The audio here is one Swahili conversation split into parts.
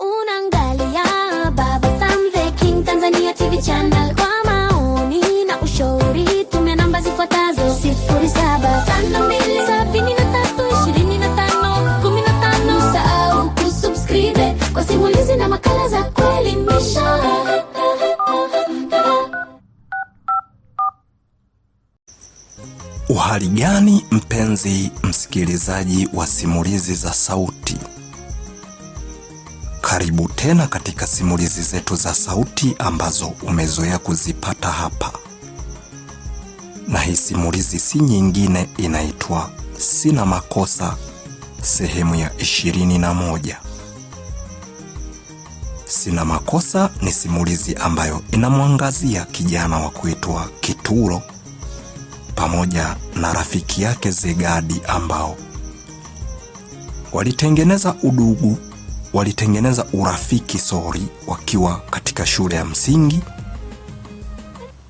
Unaangalia Baba Sam the King Tanzania TV channel. Kwa maoni na ushauri tumia namba zifuatazo: 0752732515 usahau kusubscribe kwa simulizi na makala za kuelimisha. Uhali gani mpenzi msikilizaji wa simulizi za sauti karibu tena katika simulizi zetu za sauti ambazo umezoea kuzipata hapa, na hii simulizi si nyingine, inaitwa Sina Makosa sehemu ya ishirini na moja. Sina Makosa ni simulizi ambayo inamwangazia kijana wa kuitwa Kituro pamoja na rafiki yake Zegadi ambao walitengeneza udugu walitengeneza urafiki sori wakiwa katika shule ya msingi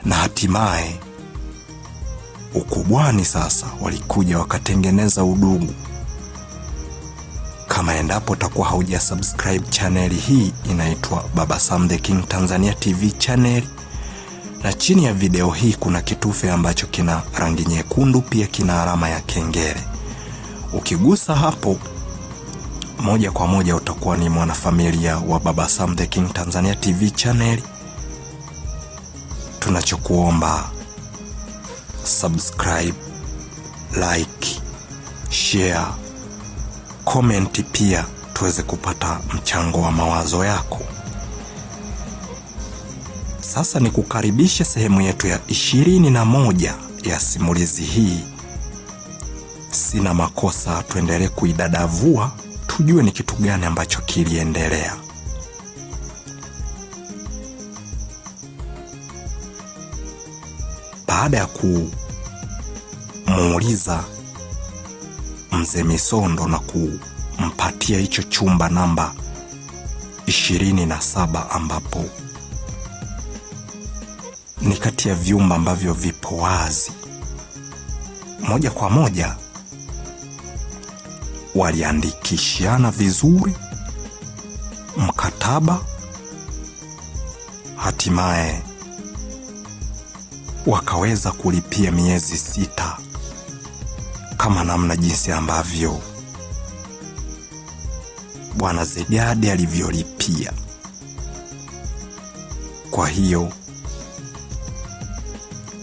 na hatimaye ukubwani sasa walikuja wakatengeneza udugu. Kama endapo takuwa hauja subscribe chaneli hii inaitwa Baba Sam the King Tanzania TV channel, na chini ya video hii kuna kitufe ambacho kina rangi nyekundu, pia kina alama ya kengele. Ukigusa hapo moja kwa moja utakuwa ni mwanafamilia wa Baba Sam The King Tanzania TV channel. Tunachokuomba subscribe, like, share, comment pia tuweze kupata mchango wa mawazo yako. Sasa ni kukaribisha sehemu yetu ya ishirini na moja ya simulizi hii Sina Makosa. Tuendelee kuidadavua tujue ni kitu gani ambacho kiliendelea. Baada ya kumuuliza mzee Misondo na kumpatia hicho chumba namba ishirini na saba ambapo ni kati ya vyumba ambavyo vipo wazi moja kwa moja waliandikishana vizuri mkataba, hatimaye wakaweza kulipia miezi sita kama namna jinsi ambavyo Bwana Zegadi alivyolipia. Kwa hiyo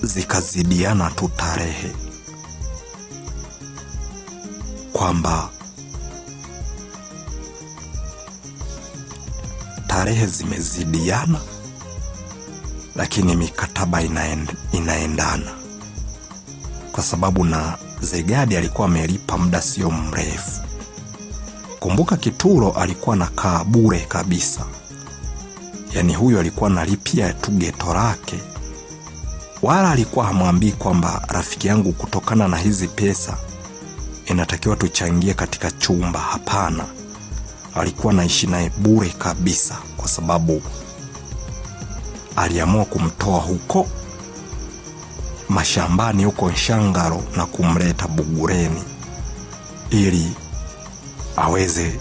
zikazidiana tu tarehe kwamba tarehe zimezidiana, lakini mikataba inaend, inaendana kwa sababu na Zegadi alikuwa amelipa muda sio mrefu. Kumbuka Kituro alikuwa na kaa bure kabisa, yaani huyo alikuwa analipia tu geto lake, wala alikuwa hamwambii kwamba rafiki yangu, kutokana na hizi pesa inatakiwa tuchangie katika chumba. Hapana alikuwa naishi naye bure kabisa, kwa sababu aliamua kumtoa huko mashambani huko Nshangaro na kumleta Bugureni ili aweze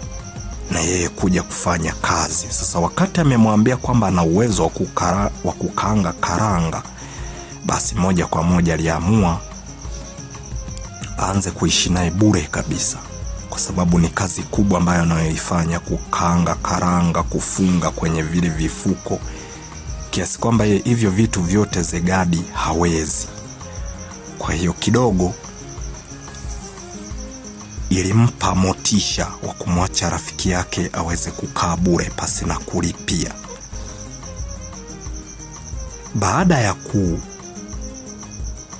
na yeye kuja kufanya kazi. Sasa wakati amemwambia kwamba ana uwezo wa kukara, wa kukaanga karanga, basi moja kwa moja aliamua aanze kuishi naye bure kabisa sababu ni kazi kubwa ambayo anayoifanya, kukanga karanga, kufunga kwenye vile vifuko, kiasi kwamba hivyo vitu vyote Zegadi hawezi. Kwa hiyo kidogo ilimpa motisha wa kumwacha rafiki yake aweze kukaa bure pasi na kulipia. Baada ya ku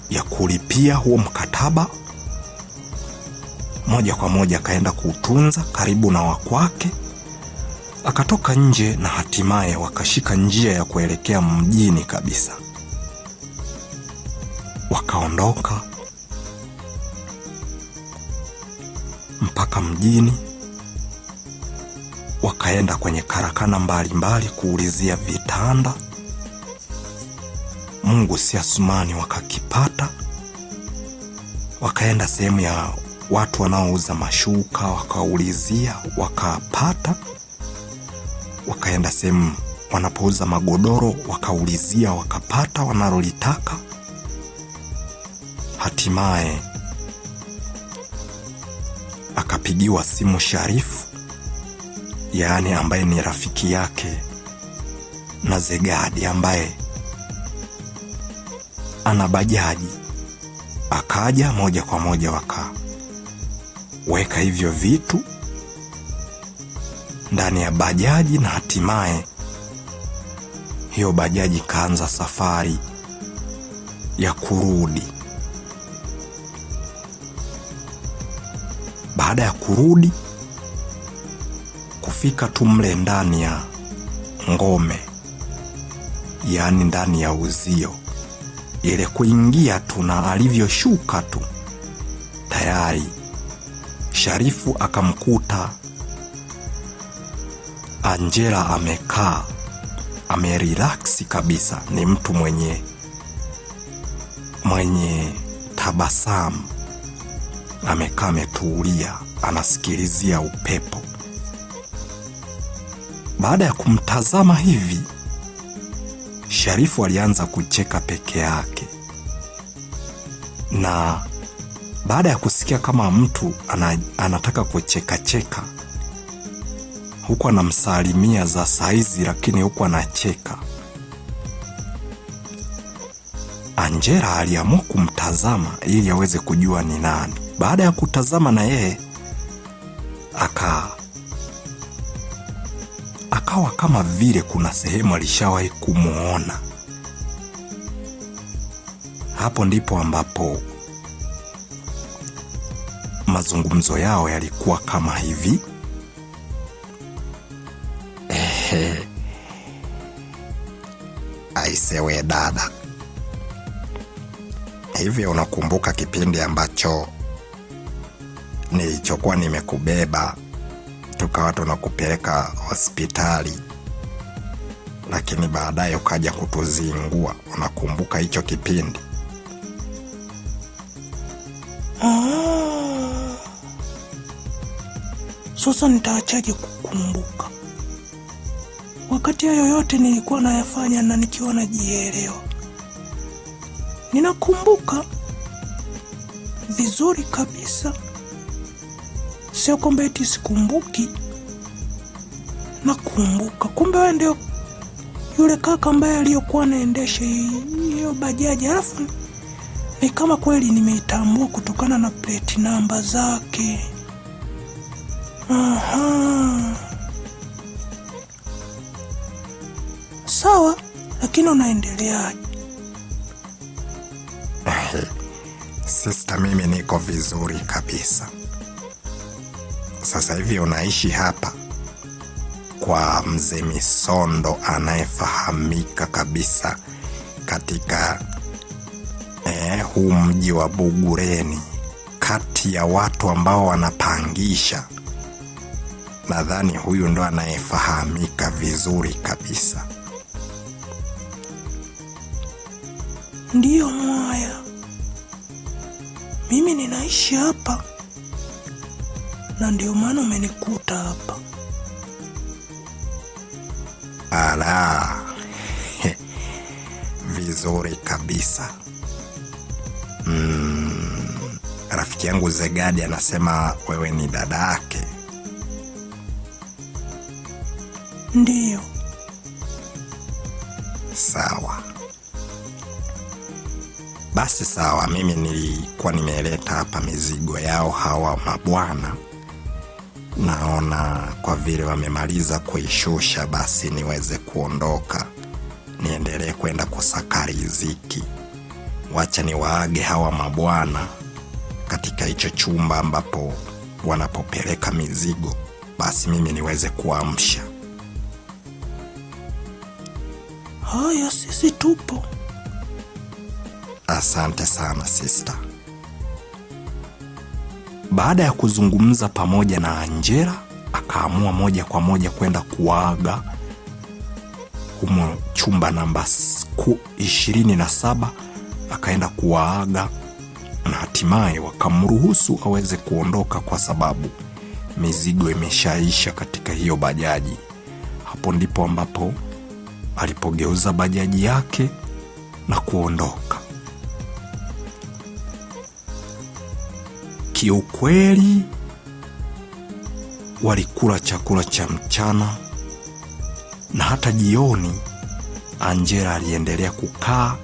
ya kulipia huo mkataba moja kwa moja akaenda kuutunza karibu na wakwake, akatoka nje na hatimaye wakashika njia ya kuelekea mjini kabisa. Wakaondoka mpaka mjini, wakaenda kwenye karakana mbalimbali mbali kuulizia vitanda. Mungu si Asumani wakakipata. Wakaenda sehemu ya watu wanaouza mashuka wakaulizia, wakapata, wakaenda sehemu wanapouza magodoro wakaulizia, wakapata wanalolitaka. Hatimaye akapigiwa simu Sharifu, yaani ambaye ni rafiki yake na Zegadi ambaye ana bajaji, akaja moja kwa moja waka weka hivyo vitu ndani ya bajaji na hatimaye hiyo bajaji ikaanza safari ya kurudi. Baada ya kurudi kufika tu mle ndani ya ngome, yaani ndani ya uzio, ile kuingia tu na alivyoshuka tu tayari Sharifu akamkuta Angela amekaa amerilaksi kabisa, ni mtu mwenye mwenye tabasamu, amekaa ametulia, anasikilizia upepo. Baada ya kumtazama hivi, Sharifu alianza kucheka peke yake na baada ya kusikia kama mtu anataka kuchekacheka huku anamsalimia za saizi, lakini huku anacheka, Angela aliamua kumtazama ili aweze kujua ni nani. Baada ya kutazama na yeye aka akawa kama vile kuna sehemu alishawahi kumwona. Hapo ndipo ambapo mazungumzo yao yalikuwa kama hivi. Ehe, aisewe dada, hivi unakumbuka kipindi ambacho nilichokuwa nimekubeba tukawa tunakupeleka hospitali lakini baadaye ukaja kutuzingua. Unakumbuka hicho kipindi? Ah. Sasa nitaachaje kukumbuka wakati hayo yote nilikuwa nayafanya na nikiwa najielewa? Ninakumbuka vizuri kabisa, sio kwamba eti sikumbuki, nakumbuka. Kumbe wewe ndio yule kaka ambaye aliyokuwa anaendesha hiyo bajaji, alafu ni kama kweli nimeitambua kutokana na pleti namba zake. Aha. Sawa, lakini unaendeleaje? Sista, mimi niko vizuri kabisa. Sasa hivi unaishi hapa kwa mzee Misondo anayefahamika kabisa katika eh, huu mji wa Bugureni, kati ya watu ambao wanapangisha nadhani huyu ndo anayefahamika vizuri kabisa. Ndiyo mwaya, mimi ninaishi hapa na ndio maana umenikuta hapa. Ala, vizuri kabisa. Mm, rafiki yangu Zegadi anasema wewe ni dada yake. Ndiyo. Sawa basi, sawa. Mimi nilikuwa nimeleta hapa mizigo yao hawa mabwana, naona kwa vile wamemaliza kuishusha, basi niweze kuondoka niendelee kwenda kusaka riziki. Wacha niwaage hawa mabwana katika hicho chumba ambapo wanapopeleka mizigo, basi mimi niweze kuamsha. Haya, sisi tupo. Asante sana sista. Baada ya kuzungumza pamoja na Angela, akaamua moja kwa moja kwenda kuwaaga humo chumba namba ishirini na saba. Akaenda kuwaaga na hatimaye wakamruhusu aweze kuondoka kwa sababu mizigo imeshaisha katika hiyo bajaji. Hapo ndipo ambapo alipogeuza bajaji yake na kuondoka. Kiukweli walikula chakula cha mchana na hata jioni. Angela aliendelea kukaa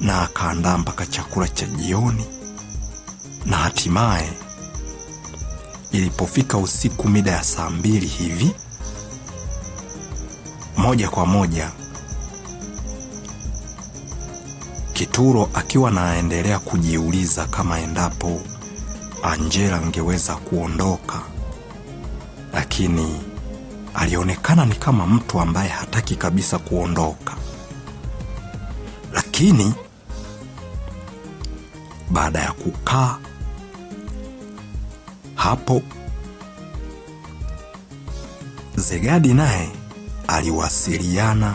na akaandaa mpaka chakula cha jioni, na hatimaye ilipofika usiku mida ya saa mbili hivi moja kwa moja. Kituro akiwa naendelea kujiuliza kama endapo Angela angeweza kuondoka, lakini alionekana ni kama mtu ambaye hataki kabisa kuondoka. Lakini baada ya kukaa hapo, Zegadi naye aliwasiliana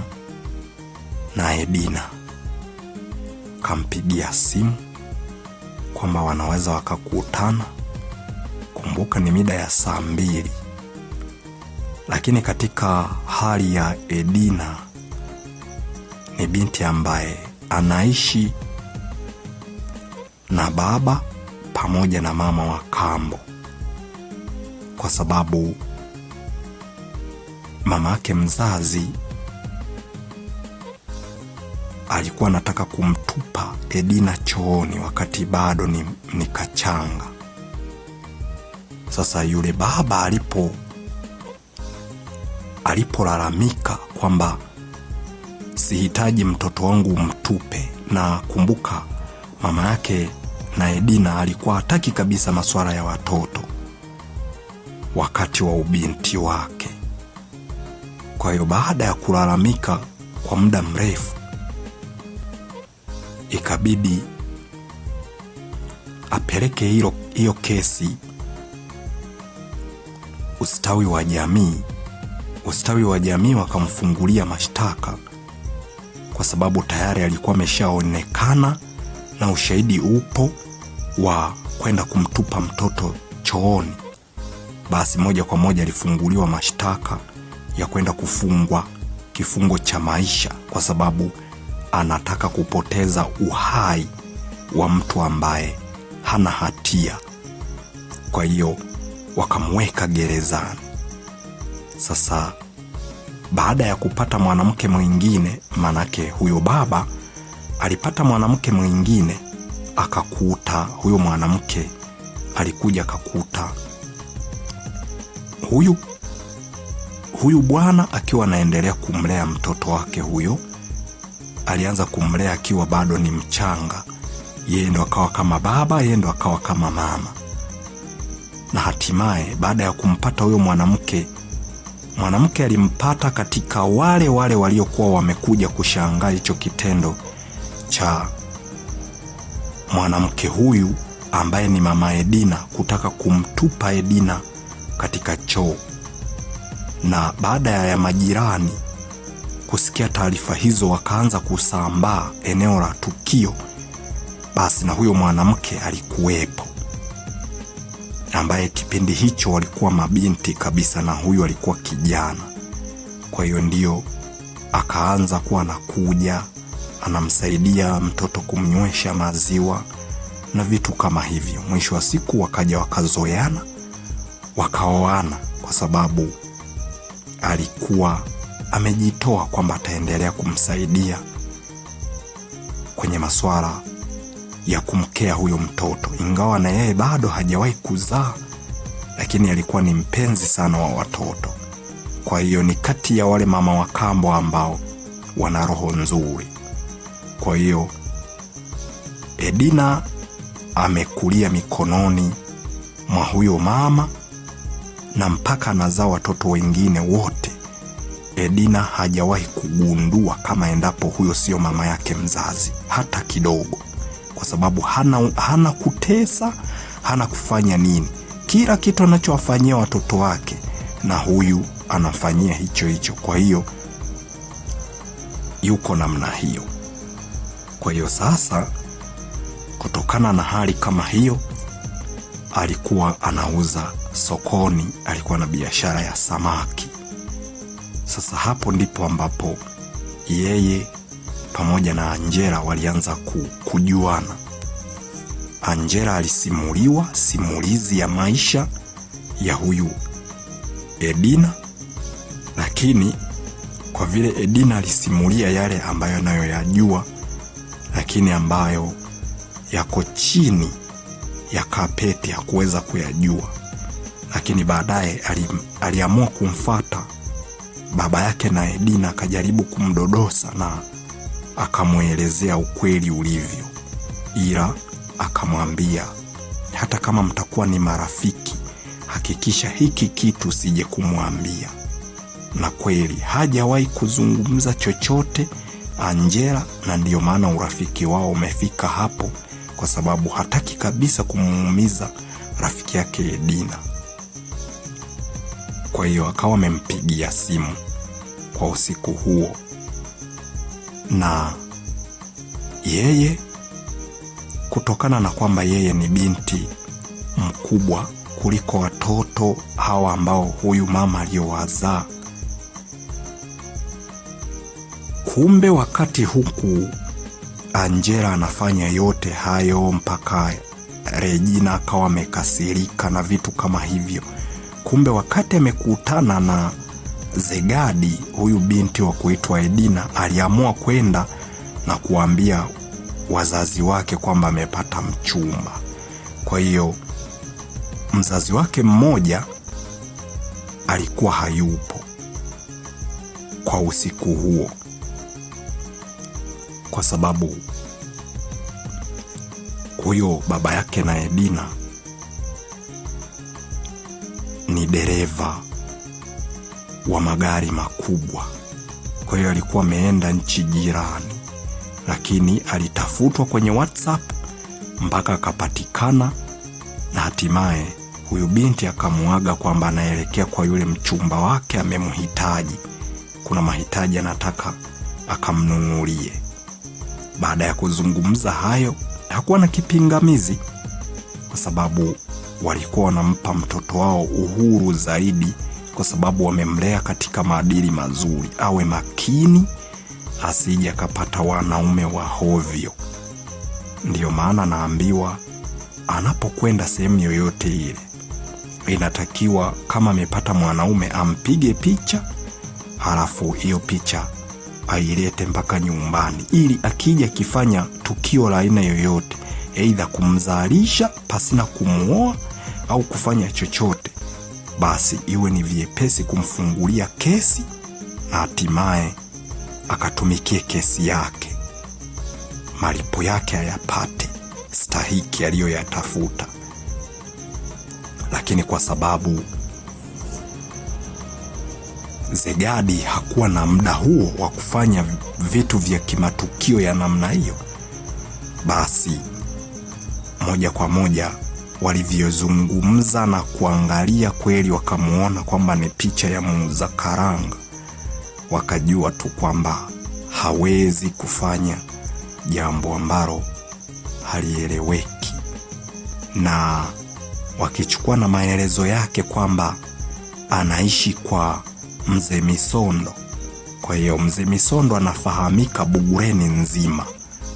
na edina kampigia simu kwamba wanaweza wakakutana. Kumbuka ni mida ya saa mbili, lakini katika hali ya Edina ni binti ambaye anaishi na baba pamoja na mama wa kambo, kwa sababu mamake mzazi alikuwa anataka kumtupa Edina chooni wakati bado ni, ni kachanga. Sasa yule baba alipo alipolalamika kwamba sihitaji mtoto wangu mtupe, na kumbuka mama yake na Edina alikuwa hataki kabisa masuala ya watoto wakati wa ubinti wake kwa hiyo baada ya kulalamika kwa muda mrefu, ikabidi apeleke hilo hiyo kesi ustawi wa jamii. Ustawi wa jamii wakamfungulia mashtaka kwa sababu tayari alikuwa ameshaonekana na ushahidi upo wa kwenda kumtupa mtoto chooni. Basi moja kwa moja alifunguliwa mashtaka ya kwenda kufungwa kifungo cha maisha kwa sababu anataka kupoteza uhai wa mtu ambaye hana hatia. Kwa hiyo wakamweka gerezani. Sasa baada ya kupata mwanamke mwingine, manake huyo baba alipata mwanamke mwingine, akakuta huyo mwanamke alikuja akakuta huyu Huyu bwana akiwa anaendelea kumlea mtoto wake huyo, alianza kumlea akiwa bado ni mchanga. Yeye ndo akawa kama baba, yeye ndo akawa kama mama, na hatimaye baada ya kumpata huyo mwanamke, mwanamke alimpata katika wale wale waliokuwa wamekuja kushangaa hicho kitendo cha mwanamke huyu ambaye ni mama Edina kutaka kumtupa Edina katika choo na baada ya majirani kusikia taarifa hizo wakaanza kusambaa eneo la tukio, basi na huyo mwanamke alikuwepo, ambaye kipindi hicho walikuwa mabinti kabisa, na huyu alikuwa kijana. Kwa hiyo ndio akaanza kuwa anakuja anamsaidia mtoto kumnywesha maziwa na vitu kama hivyo. Mwisho wa siku wakaja wakazoeana, wakaoana kwa sababu alikuwa amejitoa kwamba ataendelea kumsaidia kwenye masuala ya kumkea huyo mtoto, ingawa na yeye bado hajawahi kuzaa, lakini alikuwa ni mpenzi sana wa watoto. Kwa hiyo ni kati ya wale mama wa kambo ambao wana roho nzuri. Kwa hiyo Edina amekulia mikononi mwa huyo mama na mpaka anazaa watoto wengine wote, Edina hajawahi kugundua kama endapo huyo sio mama yake mzazi hata kidogo, kwa sababu hana, hana kutesa, hana kufanya nini. Kila kitu anachowafanyia watoto wake na huyu anafanyia hicho hicho. Kwa hiyo yuko namna hiyo. Kwa hiyo sasa, kutokana na hali kama hiyo alikuwa anauza sokoni, alikuwa na biashara ya samaki. Sasa hapo ndipo ambapo yeye pamoja na Angela walianza kujuana. Angela alisimuliwa simulizi ya maisha ya huyu Edina, lakini kwa vile Edina alisimulia yale ambayo anayoyajua, lakini ambayo yako chini ya Kapeti kuyajua, lakini baadaye aliamua kumfata baba yake na Edina akajaribu kumdodosa na akamwelezea ukweli ulivyo, ila akamwambia hata kama mtakuwa ni marafiki, hakikisha hiki kitu sije kumwambia. Na kweli hajawahi kuzungumza chochote Angela, na ndiyo maana urafiki wao umefika hapo kwa sababu hataki kabisa kumuumiza rafiki yake Dina. Kwa hiyo akawa amempigia simu kwa usiku huo, na yeye kutokana na kwamba yeye ni binti mkubwa kuliko watoto hawa ambao huyu mama aliyowazaa, kumbe wakati huku Angela anafanya yote hayo mpaka Regina akawa amekasirika na vitu kama hivyo. Kumbe wakati amekutana na Zegadi, huyu binti wa kuitwa Edina, aliamua kwenda na kuambia wazazi wake kwamba amepata mchumba. Kwa hiyo mzazi wake mmoja alikuwa hayupo kwa usiku huo kwa sababu huyo baba yake naye Dina ni dereva wa magari makubwa, kwa hiyo alikuwa ameenda nchi jirani, lakini alitafutwa kwenye WhatsApp mpaka akapatikana, na hatimaye huyu binti akamwaga kwamba anaelekea kwa yule mchumba wake, amemhitaji, kuna mahitaji anataka akamnunulie. Baada ya kuzungumza hayo, hakuwa na kipingamizi, kwa sababu walikuwa wanampa mtoto wao uhuru zaidi, kwa sababu wamemlea katika maadili mazuri, awe makini asije akapata wanaume wa hovyo. Ndiyo maana anaambiwa anapokwenda sehemu yoyote ile, inatakiwa kama amepata mwanaume ampige picha, halafu hiyo picha ailete mpaka nyumbani, ili akija akifanya tukio la aina yoyote, aidha kumzalisha pasina kumuoa au kufanya chochote, basi iwe ni vyepesi kumfungulia kesi na hatimaye akatumikie kesi yake, malipo yake ayapate stahiki aliyoyatafuta, lakini kwa sababu Zegadi hakuwa na muda huo wa kufanya vitu vya kimatukio ya namna hiyo. Basi moja kwa moja walivyozungumza na kuangalia, kweli wakamwona kwamba ni picha ya muuza karanga, wakajua tu kwamba hawezi kufanya jambo ambalo halieleweki, na wakichukua na maelezo yake kwamba anaishi kwa Mzee Misondo. Kwa hiyo Mzee Misondo anafahamika Bugureni nzima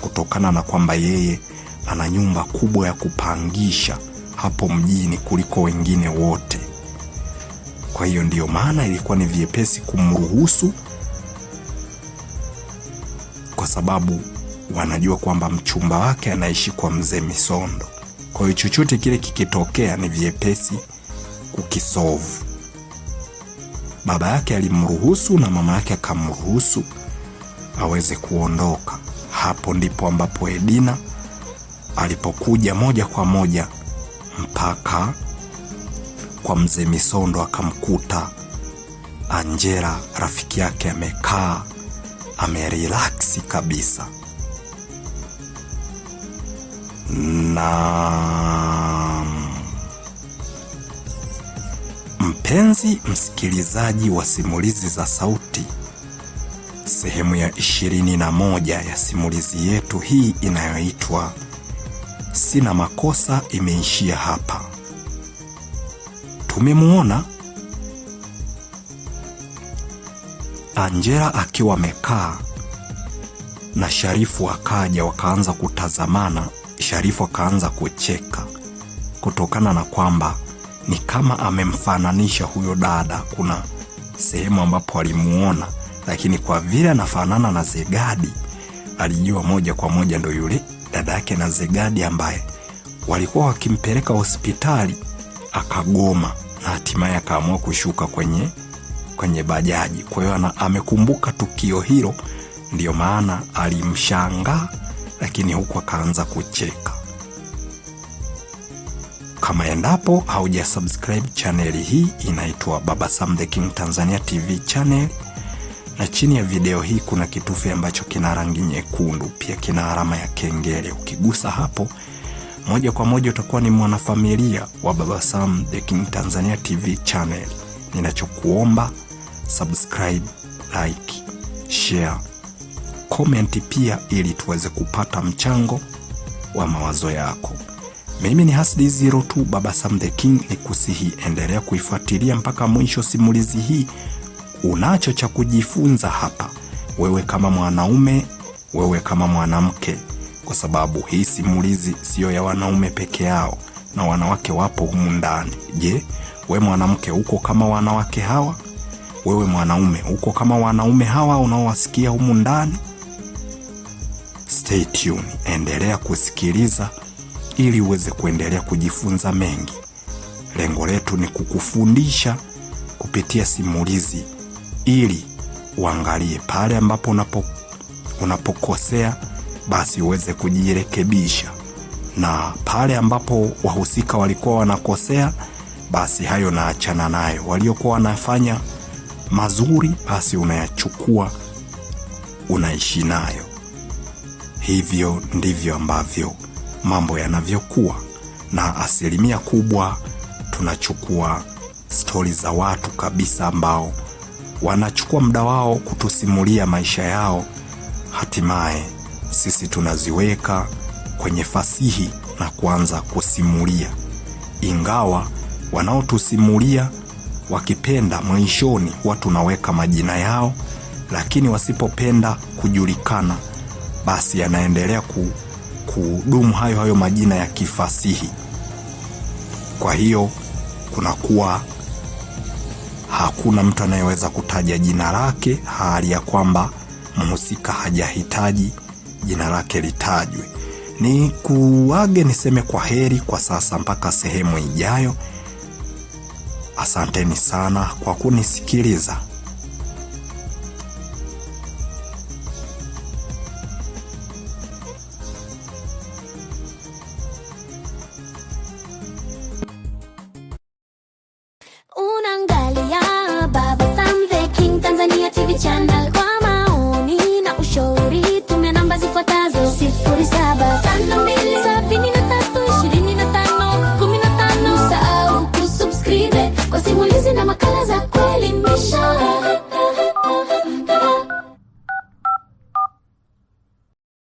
kutokana na kwamba yeye ana nyumba kubwa ya kupangisha hapo mjini kuliko wengine wote. Kwa hiyo ndiyo maana ilikuwa ni vyepesi kumruhusu, kwa sababu wanajua kwamba mchumba wake anaishi kwa Mzee Misondo. Kwa hiyo chochote kile kikitokea ni vyepesi kukisovu. Baba yake alimruhusu na mama yake akamruhusu aweze kuondoka. Hapo ndipo ambapo Edina alipokuja moja kwa moja mpaka kwa mzee Misondo, akamkuta Angela rafiki yake amekaa amerelaksi kabisa na Mpenzi msikilizaji wa simulizi za sauti, sehemu ya ishirini na moja ya simulizi yetu hii inayoitwa Sina Makosa imeishia hapa. Tumemwona Angela akiwa amekaa na Sharifu akaja, wakaanza kutazamana. Sharifu akaanza kucheka kutokana na kwamba ni kama amemfananisha huyo dada. Kuna sehemu ambapo alimuona, lakini kwa vile anafanana na Zegadi alijua moja kwa moja ndo yule dada yake na Zegadi ambaye walikuwa wakimpeleka hospitali akagoma, na hatimaye akaamua kushuka kwenye kwenye bajaji. Kwa hiyo amekumbuka tukio hilo, ndiyo maana alimshangaa, lakini huku akaanza kucheka kama endapo haujasubscribe chaneli hii inaitwa Baba Sam The King Tanzania TV channel, na chini ya video hii kuna kitufe ambacho kina rangi nyekundu, pia kina alama ya kengele. Ukigusa hapo moja kwa moja utakuwa ni mwanafamilia wa Baba Sam The King Tanzania TV channel. Ninachokuomba subscribe, like, share, comment pia ili tuweze kupata mchango wa mawazo yako. Mimi ni Hasdi Zero tu, Baba Sam the King, ni kusihi endelea kuifuatilia mpaka mwisho simulizi hii. Unacho cha kujifunza hapa, wewe kama mwanaume, wewe kama mwanamke, kwa sababu hii simulizi siyo ya wanaume peke yao, na wanawake wapo humu ndani. Je, we mwanamke uko kama wanawake hawa? Wewe mwanaume uko kama wanaume hawa unaowasikia humu ndani? Stay tuned, endelea kusikiliza ili uweze kuendelea kujifunza mengi. Lengo letu ni kukufundisha kupitia simulizi ili uangalie pale ambapo unapo, unapokosea basi uweze kujirekebisha, na pale ambapo wahusika walikuwa wanakosea basi hayo naachana nayo, waliokuwa wanafanya mazuri basi unayachukua unaishi nayo. Hivyo ndivyo ambavyo mambo yanavyokuwa, na asilimia kubwa tunachukua stori za watu kabisa ambao wanachukua muda wao kutusimulia maisha yao, hatimaye sisi tunaziweka kwenye fasihi na kuanza kusimulia, ingawa wanaotusimulia wakipenda, mwishoni huwa tunaweka majina yao, lakini wasipopenda kujulikana, basi yanaendelea ku kudumu hayo hayo majina ya kifasihi. Kwa hiyo kunakuwa hakuna mtu anayeweza kutaja jina lake hali ya kwamba mhusika hajahitaji jina lake litajwe. Ni kuage niseme kwa heri kwa sasa, mpaka sehemu ijayo. Asanteni sana kwa kunisikiliza.